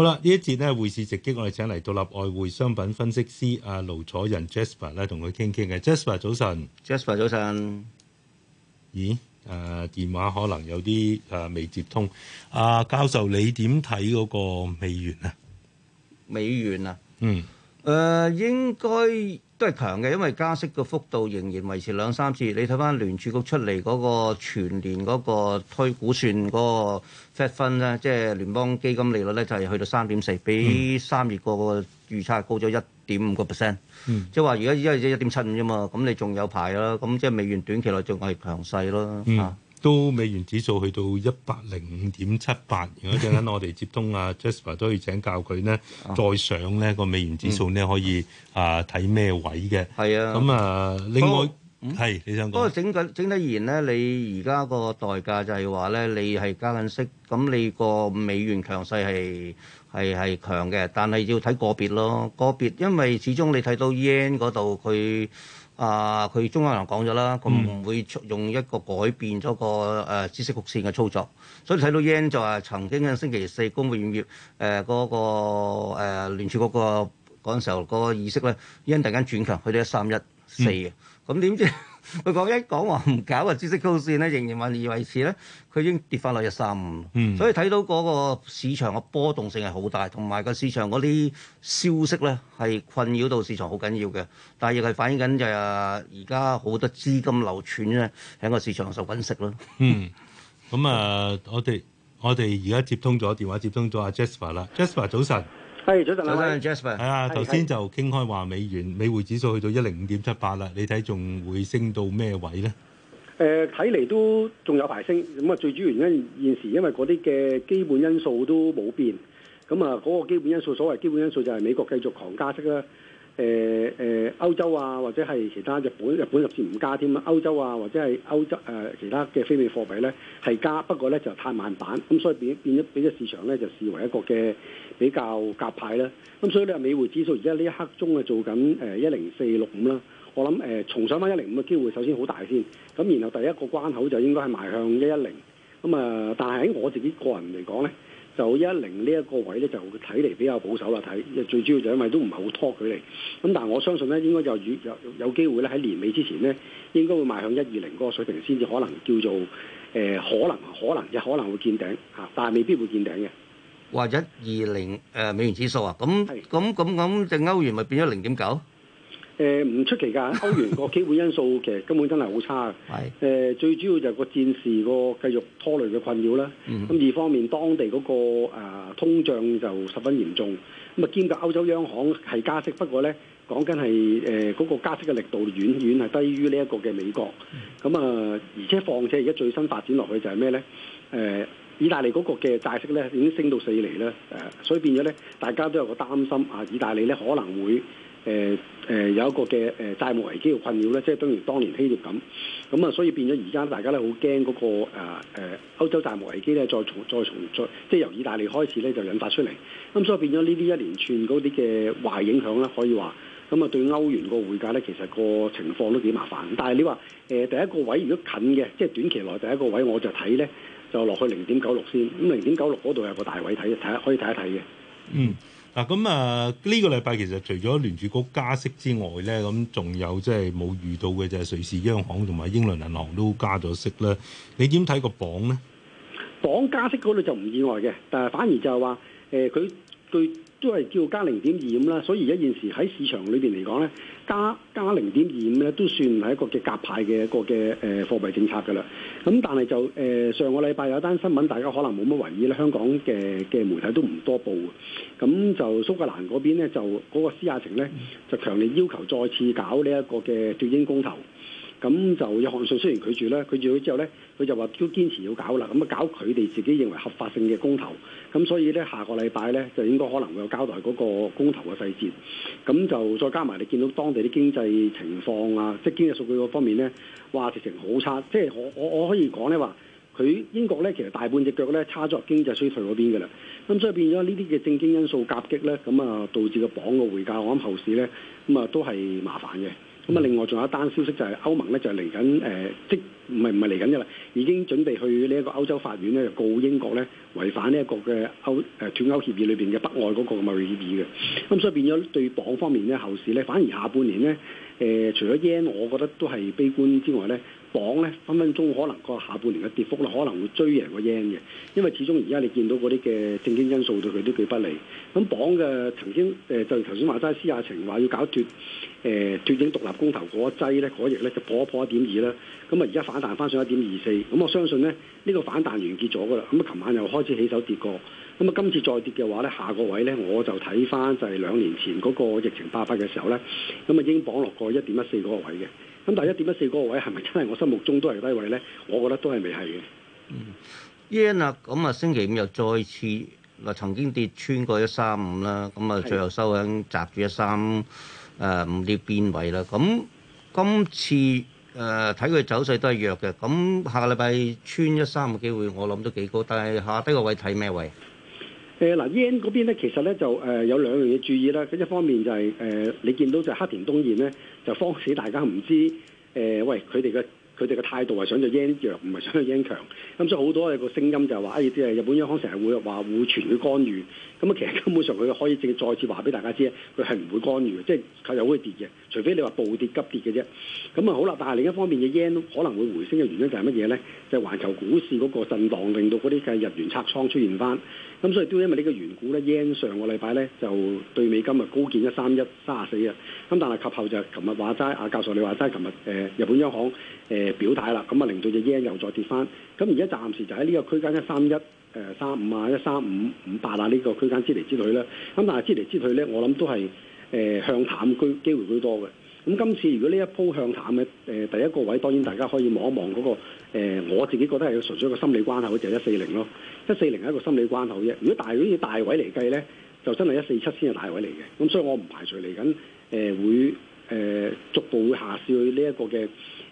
好啦，呢一節咧匯市直擊，我哋請嚟獨立外匯商品分析師阿盧楚仁 Jasper 咧同佢傾傾嘅。Jasper 早晨，Jasper 早晨。咦，誒、啊，電話可能有啲誒、啊、未接通。阿、啊、教授，你點睇嗰個美元啊？美元啊？嗯。誒、呃，應該。都係強嘅，因為加息嘅幅度仍然維持兩三次。你睇翻聯儲局出嚟嗰個全年嗰個推估算嗰個 Fed Fund 咧，即係聯邦基金利率咧就係去到三點四，比三月個預測高咗一點五個 percent。即係話如果依家一點七五啫嘛，咁你仲有排啦。咁即係美元短期內仲係強勢咯。嗯啊都美元指數去到一百零五點七八，如果陣間我哋接通阿 Jasper 都要請教佢咧，再上咧個美元指數咧可以啊睇咩位嘅？係啊，咁啊，另外係你想講。不過整體整體而言咧，你而家個代價就係話咧，你係加緊息，咁你個美元強勢係係係強嘅，但係要睇個別咯，個別因為始終你睇到 Yen 嗰度佢。啊！佢中央銀行講咗啦，佢唔會用一個改變咗個誒、呃、知識曲線嘅操作，所以睇到 yen 就係曾經喺星期四公佈業，誒、呃、嗰、那個誒聯儲嗰個嗰時候嗰個意識咧，yen 突然間轉強去，去到一三一。嗯、四嘅，咁、嗯、點知佢講一講話唔搞啊，知識高線咧仍然維持咧，佢已經跌翻落一三五。嗯、所以睇到嗰個市場嘅波動性係好大，同埋個市場嗰啲消息咧係困擾到市場好緊要嘅。但係亦係反映緊就係而家好多資金流竄咧喺個市場上揾食咯。嗯，咁啊，我哋我哋而家接通咗電話，接通咗阿、啊、Jasper 啦，Jasper 早晨。係早晨啦，Jasper。係啊，頭先、嗯、就傾開話美元，美匯指數去到一零五點七八啦，你睇仲會升到咩位咧？誒、呃，睇嚟都仲有排升，咁啊，最主要原因現時因為嗰啲嘅基本因素都冇變，咁啊，嗰個基本因素，所謂基本因素就係美國繼續狂加息啦。誒、呃、誒、呃、歐洲啊，或者係其他日本日本甚至唔加添啊，歐洲啊或者係歐洲誒、呃、其他嘅非美貨幣咧係加，不過咧就太慢版咁，所以變變咗俾咗市場咧就視為一個嘅比較夾派啦。咁所以咧美匯指數而家呢一刻鐘啊做緊誒一零四六五啦，呃、10465，我諗誒、呃、重上翻一零五嘅機會首先好大先，咁然後第一個關口就應該係邁向一一零，咁、呃、啊但係喺我自己個人嚟講咧。就一零呢一個位咧，就睇嚟比較保守啦。睇，最主要就因為都唔係好拖距離。咁但係我相信咧，應該就有有，有機會咧，喺年尾之前咧，應該會邁向一二零嗰個水平先至可能叫做誒、呃、可能可能亦可能會見頂嚇，但係未必會見頂嘅。或者二零誒美元指數啊，咁咁咁咁，即係歐元咪變咗零點九？誒唔出奇㗎，歐元個基本因素其實根本真係好差嘅。係 誒、呃、最主要就係個戰事個繼續拖累嘅困擾啦。咁、嗯、二方面當地嗰、那個、啊、通脹就十分嚴重。咁啊，兼夾歐洲央行係加息，不過咧講緊係誒嗰個加息嘅力度遠遠係低於呢一個嘅美國。咁、嗯、啊，而且況且而家最新發展落去就係咩咧？誒、啊，意大利嗰個嘅債息咧已經升到四厘啦。誒、啊，所以變咗咧，大家都有個擔心啊，意大利咧可能會。誒、呃、誒、呃、有一個嘅誒債務危機嘅困擾咧，即係等於當年希臘咁，咁啊，所以變咗而家大家咧好驚嗰個誒誒、呃、歐洲債務危機咧，再從再從再即係由意大利開始咧就引發出嚟，咁所以變咗呢啲一連串嗰啲嘅壞影響咧，可以話咁啊，對歐元個匯價咧其實個情況都幾麻煩。但係你話誒、呃、第一個位如果近嘅，即係短期內第一個位我就睇咧就落去零點九六先，咁零點九六嗰度有個大位睇，睇可以睇一睇嘅，嗯。嗱咁啊，呢、這個禮拜其實除咗聯儲局加息之外咧，咁仲有即係冇遇到嘅就係瑞士央行同埋英倫銀行都加咗息啦。你點睇個鎊咧？鎊加息嗰度就唔意外嘅，但係反而就係話誒，佢、呃、對。都係叫加零點二五啦，所以而家現時喺市場裏邊嚟講咧，加加零點二五咧都算係一個嘅夾派嘅一個嘅誒貨幣政策噶啦。咁但係就誒、呃、上個禮拜有一單新聞，大家可能冇乜留意咧，香港嘅嘅媒體都唔多報嘅。咁就蘇格蘭嗰邊咧，就嗰、那個施亞晴咧，就強烈要求再次搞呢一個嘅對英公投。咁就有約翰遜雖然拒絕咧，拒拒絕之後咧，佢就話都堅持要搞啦。咁啊，搞佢哋自己認為合法性嘅公投。咁所以咧，下個禮拜咧就應該可能會有交代嗰個公投嘅細節。咁就再加埋你見到當地啲經濟情況啊，即經濟數據嗰方面咧，哇，直情好差。即係我我我可以講咧話，佢英國咧其實大半隻腳咧差咗經濟衰退嗰邊噶啦。咁所以變咗呢啲嘅政經因素夾擊咧，咁啊導致個鎊個匯價，我諗後市咧咁啊都係麻煩嘅。咁啊，另外仲有一單消息就係歐盟咧，就嚟緊誒，即唔係唔係嚟緊㗎啦，已經準備去呢一個歐洲法院咧告英國咧違反呢一個嘅歐誒斷歐協議裏邊嘅北外嗰個貿易協議嘅，咁所以變咗對榜方面咧，後市咧反而下半年咧誒，除咗 yen，我覺得都係悲觀之外咧。磅咧分分鐘可能個下半年嘅跌幅咧可能會追贏個 yen 嘅，因為始終而家你見到嗰啲嘅政經因素對佢都幾不利。咁磅嘅曾經誒、呃、就頭先話齋施亞晴話要搞脫誒脫英獨立公投嗰個劑咧嗰個日咧就破一破一點二啦，咁啊而家反彈翻上一點二四，咁我相信咧呢、呢個反彈完結咗噶啦，咁啊琴晚又開始起手跌過，咁啊今次再跌嘅話咧下個位咧我就睇翻就係兩年前嗰個疫情爆發嘅時候咧，咁啊已經綁落過一點一四嗰個位嘅。咁但係一點一四嗰個位係咪真係我心目中都係低位咧？我覺得都係未係嘅。嗯，yen 啊，咁啊，星期五又再次嗱，曾經跌穿過一三五啦，咁啊，最後收喺集住一三誒五呢邊位啦。咁今次誒睇佢走勢都係弱嘅。咁下禮拜穿一三嘅機會，我諗都幾高。但係下低個位睇咩位？誒嗱，yen 嗰邊咧，其實咧就誒有兩樣嘢注意啦。一方面就係誒你見到就黑田東彥咧。就方使大家唔知，誒、呃、喂佢哋嘅，佢哋嘅態度係想隻 yen 弱，唔係想隻 yen 強。咁所以好多嘅個聲音就係話，誒、哎，啲啊日本央行成日會話會傳佢干預。咁啊，其實根本上佢可以正再次話俾大家知，佢係唔會干預嘅，即係佢有可跌嘅，除非你話暴跌急跌嘅啫。咁啊好啦，但係另一方面嘅 yen 可能會回升嘅原因就係乜嘢咧？就係、是、環球股市嗰個震盪，令到嗰啲嘅日元拆倉出現翻。咁所以都因為呢個緣故咧，yen 上個禮拜咧就對美金啊高見一三一三十四啊。咁但係及後就琴日話齋，阿教授你話齋，琴日誒日本央行誒。呃表態啦，咁啊，令到隻 yen 又再跌返，咁而家暫時就喺呢個區間一三一，誒三五啊，一三五五八啊，呢個區間之嚟之去啦。咁但係之嚟之去咧，我諗都係、呃、向淡居機會居多嘅。咁今次如果呢一鋪向淡嘅、呃、第一個位當然大家可以望一望嗰個、呃、我自己覺得係純粹一個心理關口，就係一四零咯，一四零係一個心理關口啫。如果大好大位嚟計咧，就真係一四七先係大位嚟嘅。咁所以我唔排除嚟緊誒會、呃、逐步會下試去呢一個嘅。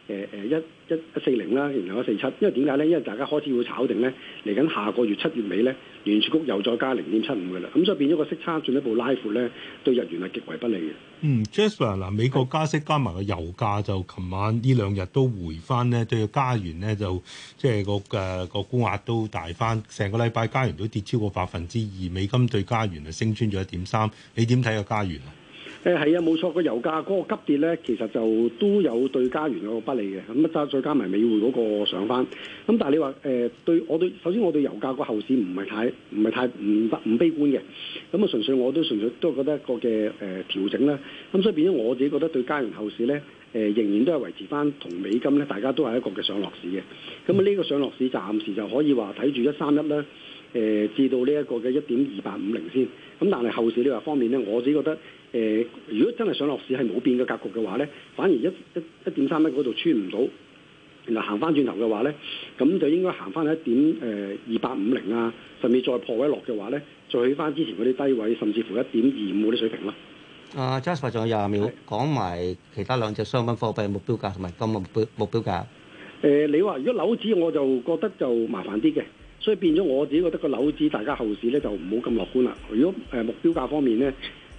誒、呃、誒一一一四零啦，然後一四七，因為點解咧？因為大家開始會炒定咧，嚟緊下，下個月七月尾咧，聯儲局又再加零點七五嘅啦，咁所以變咗個息差進一步拉闊咧，對日元係極為不利嘅。嗯，嗯，Jasper 嗱、啊，美國加息加埋個油價就琴晚呢兩日都回翻咧，對個加元咧就即係個誒個估壓都大翻，成個禮拜加元都跌超過百分之二，美金對加元啊升穿咗一點三，你點睇個加元啊？誒係啊，冇錯，個油價嗰個急跌咧，其實就都有對加元嗰個不利嘅。咁啊，再加埋美匯嗰個上翻。咁但係你話誒對我對首先我對油價個後市唔係太唔係太唔唔悲觀嘅。咁啊，純粹我都純粹都係覺得一個嘅誒調整啦。咁所以變咗我自己覺得對加元後市咧誒、呃，仍然都係維持翻同美金咧，大家都係一個嘅上落市嘅。咁啊，呢個上落市暫時就可以話睇住一三一啦。誒、呃，至到呢一個嘅一點二八五零先。咁但係後市呢個方面咧，我自己覺得。誒、呃，如果真係上落市係冇變嘅格局嘅話咧，反而一一一點三蚊嗰度穿唔到，然後行翻轉頭嘅話咧，咁就應該行翻一點誒二八五零啊，甚至再破位落嘅話咧，再起翻之前嗰啲低位，甚至乎一點二五嗰啲水平咯。啊 Jasper 仲有廿秒，講埋其他兩隻商品貨幣目標價同埋個目標目標價。誒、呃，你話如果樓指我就覺得就麻煩啲嘅，所以變咗我自己覺得個樓指大家後市咧就唔好咁樂觀啦。如果誒、呃、目標價方面咧？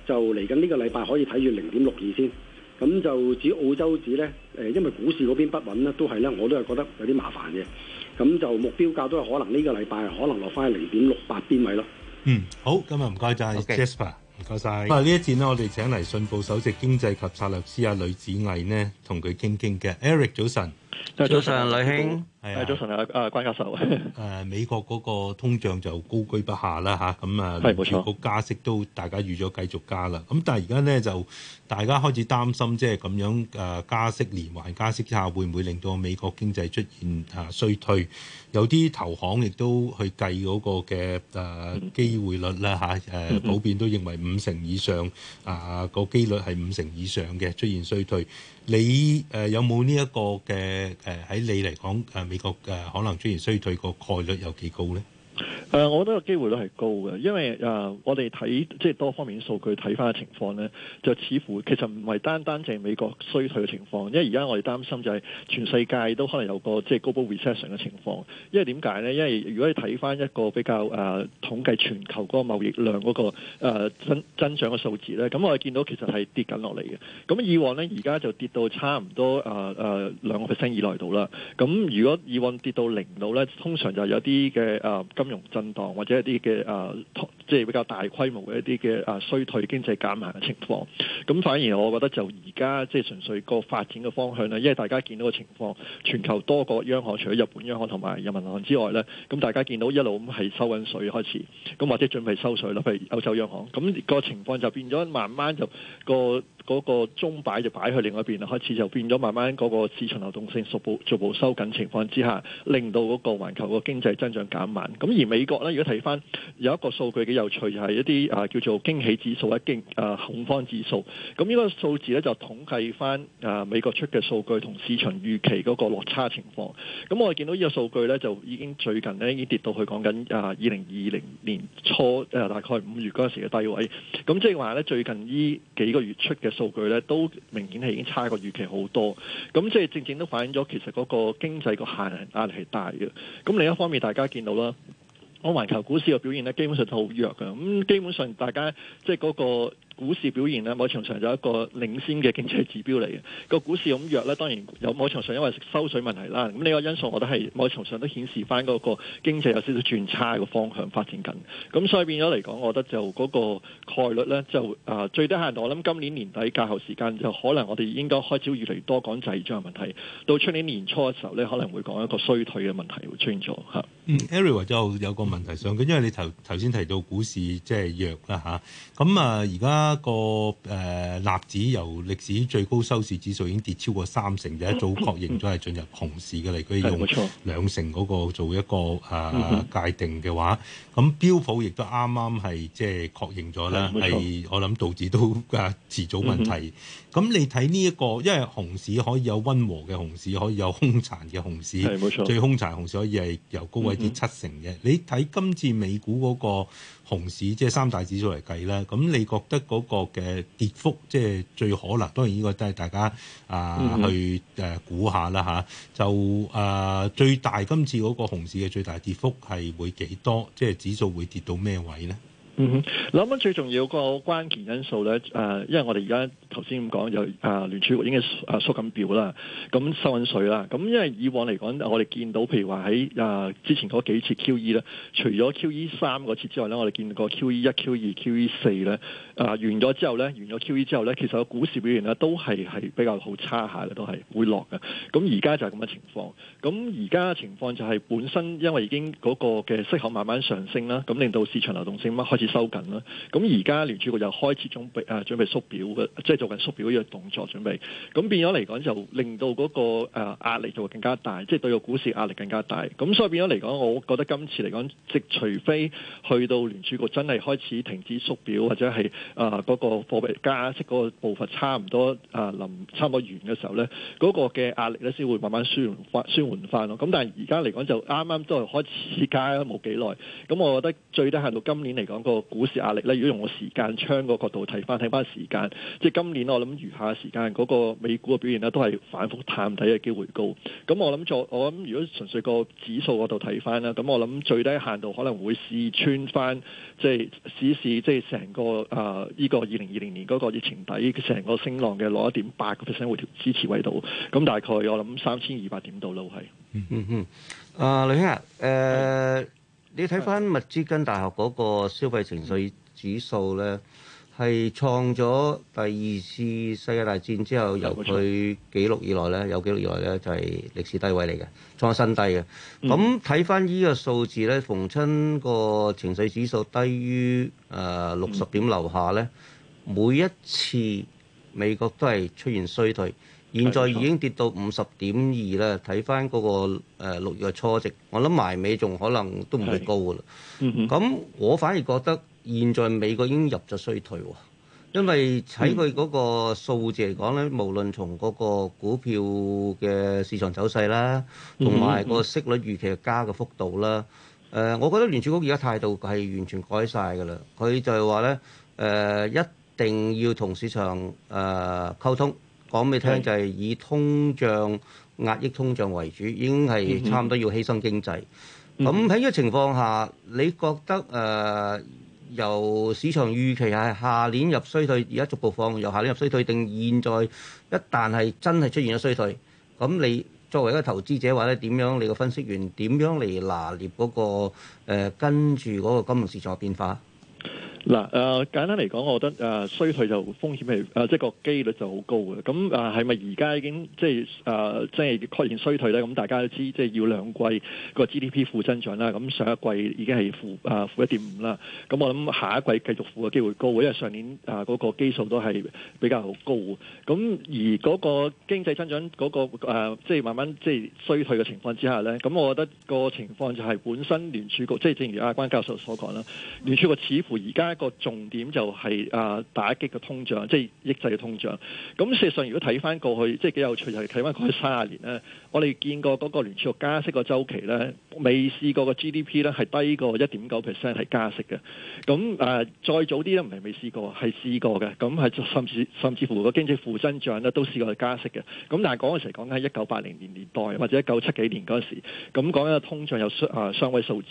就嚟緊呢個禮拜可以睇住零點六二先看，咁就至於澳洲指咧，誒，因為股市嗰邊不穩咧，都係咧，我都係覺得有啲麻煩嘅，咁就目標價都係可能呢個禮拜可能落翻喺零點六八邊位咯。嗯，好，今日唔該晒，Jasper，唔該晒。咁啊，呢一節呢，我哋請嚟信報首席經濟及策略師阿呂梓毅呢，同佢傾傾嘅。Eric，早晨。早晨，呂兄。係啊，早晨啊，啊關教授。誒、 啊，美國嗰個通脹就高居不下啦，吓，咁啊，全部加息都大家預咗繼續加啦。咁、啊、但係而家咧就大家開始擔心，即係咁樣誒加息連環加息之下，會唔會令到美國經濟出現啊衰退？有啲投行亦都去計嗰個嘅誒機會率啦，吓、啊、誒、啊、普遍都認為五成以上啊個機率係五成以上嘅出現衰退。你、呃、有冇呢一個嘅喺、呃、你嚟講、呃、美國、呃、可能出現衰退個概率有幾高呢？誒、呃，我覺得個機會率係高嘅，因為誒、呃，我哋睇即係多方面數據睇翻嘅情況咧，就似乎其實唔係單單淨美國衰退嘅情況，因為而家我哋擔心就係全世界都可能有個即係 global recession 嘅情況，因為點解咧？因為如果你睇翻一個比較誒、呃、統計全球嗰個貿易量嗰、那個誒、呃、增增長嘅數字咧，咁我哋見到其實係跌緊落嚟嘅，咁以往咧，而家就跌到差唔多誒誒兩個 percent 以內度啦，咁如果以往跌到零度咧，通常就有啲嘅誒金融震盪或者一啲嘅啊，即係比較大規模嘅一啲嘅啊衰退，經濟減慢嘅情況，咁反而我覺得就而家即係純粹個發展嘅方向咧，因為大家見到個情況，全球多個央行除咗日本央行同埋人民銀行之外呢，咁大家見到一路咁係收緊水開始，咁或者準備收水啦，譬如歐洲央行，咁個情況就變咗慢慢就個。嗰、那個鐘擺就擺去另外一邊啦，開始就變咗慢慢嗰個市場流動性逐步逐步收緊情況之下，令到嗰個環球個經濟增長減慢。咁而美國呢，如果睇翻有一個數據幾有趣，就係、是、一啲啊叫做驚喜指數啊驚啊恐慌指數。咁呢個數字呢，就統計翻啊美國出嘅數據同市場預期嗰個落差情況。咁我哋見到呢個數據呢，就已經最近呢已經跌到去講緊啊二零二零年初啊大概五月嗰陣時嘅低位。咁即係話呢，最近呢幾個月出嘅數據咧都明顯係已經差過預期好多，咁即係正正都反映咗其實嗰個經濟個限量壓力係大嘅。咁另一方面，大家見到啦，我環球股市嘅表現咧基本上都好弱嘅。咁基本上大家即係嗰個。股市表現呢，某程度上就一個領先嘅經濟指標嚟嘅。個股市咁弱呢，當然有某程度上，因為收水問題啦。咁呢個因素，我覺得係某程度上都顯示翻嗰個經濟有少少轉差嘅方向發展緊。咁所以變咗嚟講，我覺得就嗰個概率呢，就啊，最低限度，我諗今年年底假後時間就可能我哋應該開始越嚟越多講滯脹嘅問題。到出年年初嘅時候呢，可能會講一個衰退嘅問題會出現咗嚇、啊。嗯，Eric 就有個問題想緊，因為你頭頭先提到股市即係、就是、弱啦嚇。咁啊而家。一、這個誒，納指、呃、由歷史最高收市指數已經跌超過三成嘅，一早確認咗係進入熊市嘅嚟。佢、嗯嗯、用兩成嗰個做一個誒、呃嗯嗯、界定嘅話，咁標普亦都啱啱係即係確認咗啦。係、嗯嗯、我諗導致都誒、啊、遲早問題。咁、嗯嗯、你睇呢一個，因為熊市可以有温和嘅熊市，可以有凶殘嘅熊市。冇、嗯、錯、嗯，最凶殘的熊市可以係由高位跌七成嘅、嗯嗯。你睇今次美股嗰個熊市，即、就、係、是、三大指數嚟計啦。咁你覺得嗰、那個？嗰、那個嘅跌幅，即係最可能，當然呢個都係大家啊、呃、去誒、呃、估下啦吓，就誒、呃、最大今次嗰個熊市嘅最大跌幅係會幾多？即係指數會跌到咩位咧？嗯哼，諗緊最重要個關鍵因素咧，誒，因為我哋而家頭先咁講，有誒聯儲局已經誒縮緊表啦，咁收緊水啦，咁因為以往嚟講，我哋見到譬如話喺誒之前嗰幾次 QE 咧，除咗 QE 三嗰次之外咧，我哋見過 QE 一、QE 二、QE 四咧，誒完咗之後咧，完咗 QE 之後咧，其實個股市表現咧都係係比較好差下嘅，都係會落嘅。咁而家就係咁嘅情況。咁而家嘅情況就係本身因為已經嗰個嘅息口慢慢上升啦，咁令到市場流動性開始收緊啦，咁而家聯儲局又開始準備啊，準備縮表嘅，即係做緊縮表呢個動作準備，咁變咗嚟講就令到嗰個誒壓力就會更加大，即係對個股市壓力更加大。咁所以變咗嚟講，我覺得今次嚟講，即除非去到聯儲局真係開始停止縮表，或者係呃嗰個貨幣加息嗰個步伐差唔多啊臨差唔多完嘅時候咧，嗰個嘅壓力咧先會慢慢舒緩翻、舒緩翻咯。咁但係而家嚟講就啱啱都係開始加冇幾耐，咁我覺得最低限度今年嚟講。個股市壓力咧，如果用個時間窗個角度睇翻，睇翻時間，即係今年我諗餘下嘅時間，嗰、嗰個美股嘅表現咧，都係反覆探底嘅機會高。咁我諗在我諗，如果純粹個指數嗰度睇翻啦，咁我諗最低限度可能會試穿翻，即係試試即係成個誒呢個二零二零年嗰個疫情底，成個升浪嘅六十一點八個 percent 會支持位度，咁大概我諗三千二百點度啦，係、 uh。嗯嗯嗯。誒，劉生啊，誒。你睇翻密芝根大學嗰個消費情緒指數咧，係、嗯、創咗第二次世界大戰之後由佢記錄以來咧，有記錄以來咧就係歷史低位嚟嘅，創新低嘅。咁睇翻依個數字咧，逢親個情緒指數低於誒六十點樓下咧、嗯，每一次美國都係出現衰退。現在已經跌到五十點二啦，睇翻嗰個六月初值，我諗埋尾仲可能都唔會高㗎啦。咁我反而覺得現在美國已經入咗衰退，因為喺佢嗰個數字嚟講咧，無論從嗰個股票嘅市場走勢啦，同埋個息率預期嘅加嘅幅度啦，誒、嗯嗯呃，我覺得聯儲局而家態度係完全改晒㗎啦。佢就係話咧，誒、呃、一定要同市場誒、呃、溝通。講俾你聽就係以通脹壓抑通脹為主，已經係差唔多要犧牲經濟。咁喺呢個情況下，你覺得誒、呃、由市場預期係下年入衰退，而家逐步放，由下年入衰退定現在一旦係真係出現咗衰退，咁你作為一個投資者話咧，點樣你個分析員點樣嚟拿捏嗰、那個、呃、跟住嗰個金融市場變化？嗱，誒、呃、簡單嚟講，我覺得誒、呃、衰退就風險係誒，即、呃、係、就是、個機率就好高嘅。咁誒係咪而家已經即係誒即係確認衰退咧？咁大家都知道即係要兩季個 GDP 負增長啦。咁上一季已經係負誒、呃、負一點五啦。咁我諗下一季繼續負嘅機會高，因為上年誒嗰、呃那個基數都係比較高。咁而嗰個經濟增長嗰、那個即係、呃就是、慢慢即係衰退嘅情況之下咧，咁我覺得個情況就係本身聯儲局即係、就是、正如阿關教授所講啦，聯儲局似乎而家。一個重點就係啊打擊個通脹，即係抑制個通脹。咁事實上，如果睇翻過去，即係幾有趣就係睇翻過去三十年咧，我哋見過嗰個聯儲局加息個周期咧，未試過個 GDP 咧係低過一點九 percent 係加息嘅。咁誒再早啲咧唔係未試過，係試過嘅。咁係甚至甚至乎個經濟負增長咧都試過加息嘅。咁但係嗰個時講緊係一九八零年年代或者一九七幾年嗰時候，咁講緊個通脹有雙啊雙位數字。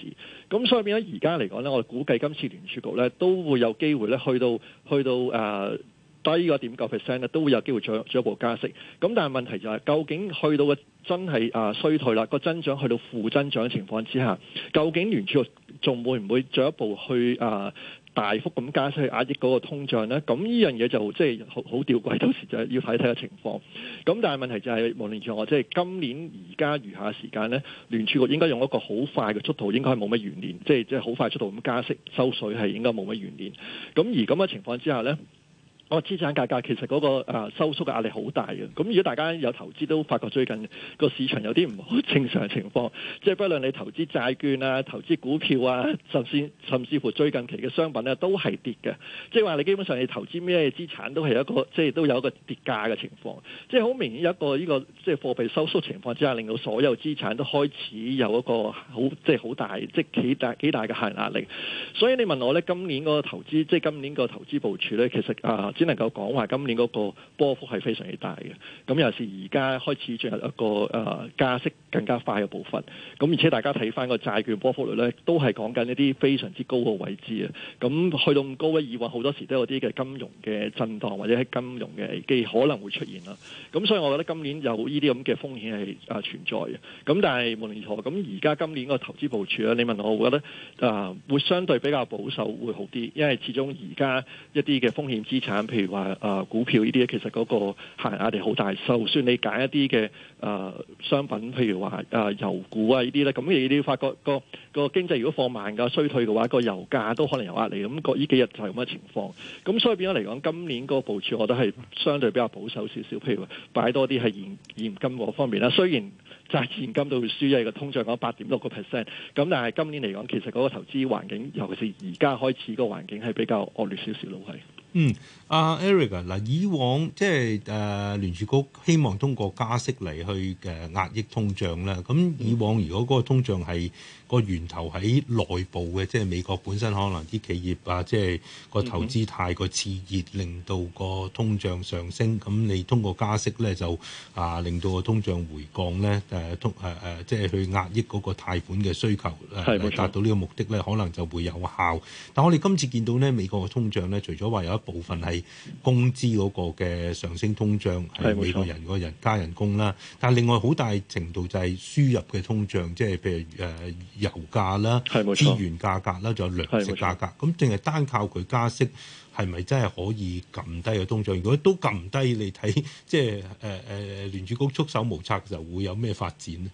咁所以變咗而家嚟講咧，我哋估計今次聯儲局咧都。都會有機會咧，去到去到誒低個點九 percent 咧，都會有機會再進一步加息。咁但係問題就係、是，究竟去到個真係誒、啊、衰退啦，個增長去到負增長嘅情況之下，究竟聯儲局仲會唔會進一步去誒？啊大幅咁加息去壓抑嗰個通脹咧，咁呢樣嘢就即係好好吊詭，到時就要睇睇下情況。咁但係問題就係、是，無論如何，即係今年而家餘下時間咧，聯儲局應該用一個好快嘅速度，應該係冇乜懸念，即係即係好快速度咁加息收水係應該冇乜懸念。咁而咁嘅情況之下咧。我、哦、資產價格其實嗰、那個、啊、收縮嘅壓力好大嘅，咁如果大家有投資都發覺最近個市場有啲唔好正常情況，即、就、係、是、不論你投資債券啊、投資股票啊，甚至甚至乎最近期嘅商品咧、啊、都係跌嘅，即係話你基本上你投資咩資產都係一個即係、就是、都有一個跌價嘅情況，即係好明顯一個呢、這個即係、就是、貨幣收縮情況之下，令到所有資產都開始有一個好即係好大即係、就是、幾大幾大嘅下行壓力，所以你問我咧，今年個個投資即係、就是、今年個投資部署咧，其實啊～只能夠講話今年嗰個波幅係非常之大嘅，咁尤其是而家開始進入一個誒、呃、加息更加快嘅部分，咁而且大家睇返個債券波幅率咧，都係講緊一啲非常之高嘅位置啊！咁去到咁高咧，以往好多時都有啲嘅金融嘅震盪或者係金融嘅危機可能會出現啦。咁所以我覺得今年有呢啲咁嘅風險係啊存在嘅。咁但係無論如何，咁而家今年個投資部署咧，你問我，我覺得啊、呃、會相對比較保守會好啲，因為始終而家一啲嘅風險資產。譬如話啊、呃，股票呢啲咧，其實嗰個下行壓力好大。就算你揀一啲嘅啊商品，譬如話啊、呃、油股啊呢啲咧，咁你你要發覺個個經濟如果放慢噶衰退嘅話，個油價都可能有壓力。咁、那個呢幾日就係咁嘅情況。咁所以變咗嚟講，今年個部署我覺得係相對比較保守少少。譬如話擺多啲係現現金嗰方面啦。雖然賺現金都會輸喺個通脹攞八點六個 percent，咁但係今年嚟講，其實嗰個投資環境，尤其是而家開始個環境係比較惡劣少少咯，係。嗯，阿 Eric 啊，嗱，以往即係誒聯儲局希望通過加息嚟去誒壓抑通脹啦。咁以往如果個通脹係個源頭喺內部嘅，即係美國本身可能啲企業啊，即係個投資太過熾熱，令到個通脹上升。咁你通過加息咧就啊令到個通脹回降咧，誒通誒誒即係去壓抑嗰個貸款嘅需求，誒、啊、達到呢個目的咧，可能就會有效。但我哋今次見到咧，美國嘅通脹咧，除咗話有一部分係工資嗰個嘅上升通脹係美國人個人加人工啦，但係另外好大程度就係輸入嘅通脹，即係譬如誒油價啦，係冇錯資源價格啦，仲有糧食價格。咁淨係單靠佢加息係咪真係可以撳低個通脹？如果都撳低，你睇即係誒誒聯儲局束手無策嘅時候會有咩發展呢？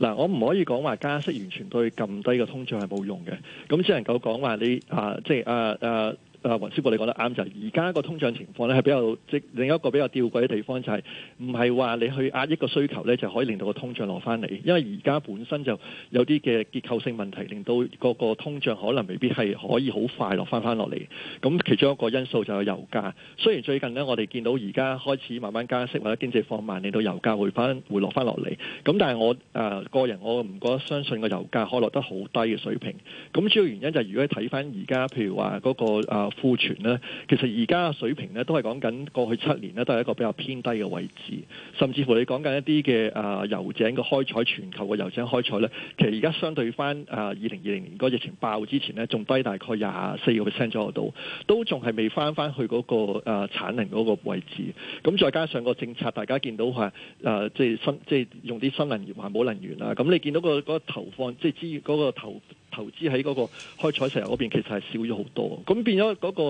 嗱，我唔可以講話加息完全對撳低個通脹係冇用嘅，咁只能夠講話你啊，即係啊啊！誒雲師傅你講得啱，就係而家個通脹情況咧係比較即、就是、另一個比較吊詭嘅地方就係唔係話你去壓抑個需求咧就可以令到個通脹落翻嚟，因為而家本身就有啲嘅結構性問題令到個個通脹可能未必係可以好快落翻翻落嚟。咁其中一個因素就係油價，雖然最近呢我哋見到而家開始慢慢加息或者經濟放慢，令到油價回翻回落翻落嚟。咁但係我誒、呃、個人我唔覺得相信個油價可以落得好低嘅水平。咁主要原因就係如果你睇翻而家譬如話嗰、那個、呃庫存咧，其實而家嘅水平咧，都係講緊過去七年咧，都係一個比較偏低嘅位置。甚至乎你講緊一啲嘅啊油井嘅開採，全球嘅油井開採咧，其實而家相對翻啊二零二零年嗰個疫情爆之前咧，仲低大概廿四個 percent 左右度，都仲係未翻翻去嗰、那個啊、呃、產能嗰個位置。咁再加上個政策，大家見到係啊，即、呃、係、即係、新即係、即係、用啲新能源、環保能源啦。咁你見到、嗰個嗰、嗰個、投放，即係資嗰個投。投資喺嗰個開採石油嗰邊，其實係少咗好多，咁變咗嗰、嗰個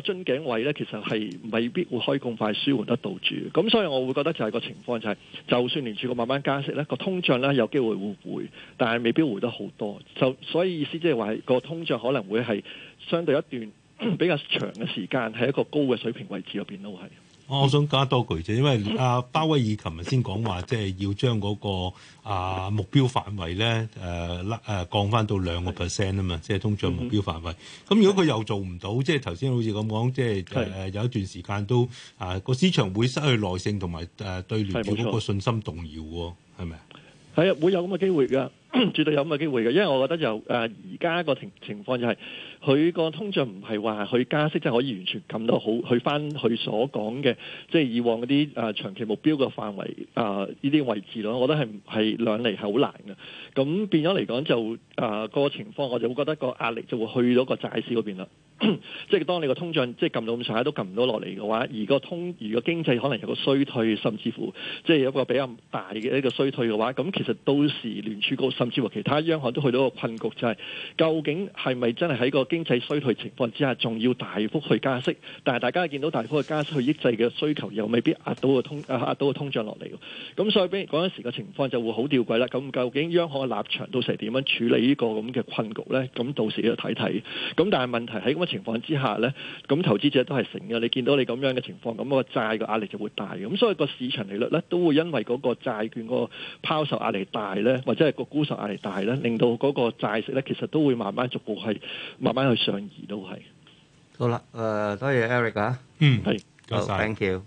樽、嗰個、頸位呢，其實係未必會開咁快舒緩得到住。咁所以我會覺得就係個情況就係、係，就算連住個慢慢加息呢，個通脹呢，有機會會回，但係未必回得好多。就所以意思即係話，個通脹可能會係相對一段 比較長嘅時間，喺一個高嘅水平位置入邊都會係。我想加多句啫，因為阿鮑威爾琴日先講話，即係要將嗰、那個啊目標範圍咧，誒拉誒降翻到兩個 percent 啊嘛，即係通脹目標範圍。咁如果佢又做唔到，即係頭先好似咁講，即係誒有一段時間都啊個市場會失去耐性，同埋誒對聯儲嗰個信心動搖喎，係咪啊？係啊，會有咁嘅機會㗎，絕對有咁嘅機會㗎，因為我覺得就誒而家個情情況就係、是。佢個通脹唔係話佢加息真係可以完全撳到好，去翻佢所講嘅，即係以往嗰啲長期目標嘅範圍啊呢啲位置咯，我覺得係係兩嚟係好難嘅。咁變咗嚟講就、呃個情況，我就會覺得個壓力就會去到個債市嗰邊啦。即係、 就係、當你個通脹即係撳到咁上下都撳唔到落嚟嘅話，而個通而個經濟可能有個衰退，甚至乎即係有個比較大嘅一個衰退嘅話，咁其實到時聯儲局甚至乎其他央行都去到個困局，就係究竟係咪真係喺、個？經濟衰退情況之下，仲要大幅去加息，但係大家見到大幅嘅加息去抑制嘅需求，又未必壓到個通壓到個通脹落嚟。咁所以俾嗰陣時嘅情況就會好吊詭啦。咁究竟央行嘅立場到時點樣處理呢個咁嘅困局呢？咁到時要睇睇。咁但係問題喺咁嘅情況之下呢，咁投資者都係成嘅。你見到你咁樣嘅情況，咁個債嘅壓力就會大。咁所以個市場利率呢，都會因為嗰個債券個拋售壓力大呢，或者係個沽售壓力大呢，令到嗰個債息呢，其實都會慢慢逐步係慢慢。因為上移都係好啦。誒，多謝 Eric 啊。嗯，係，多謝，Thank you。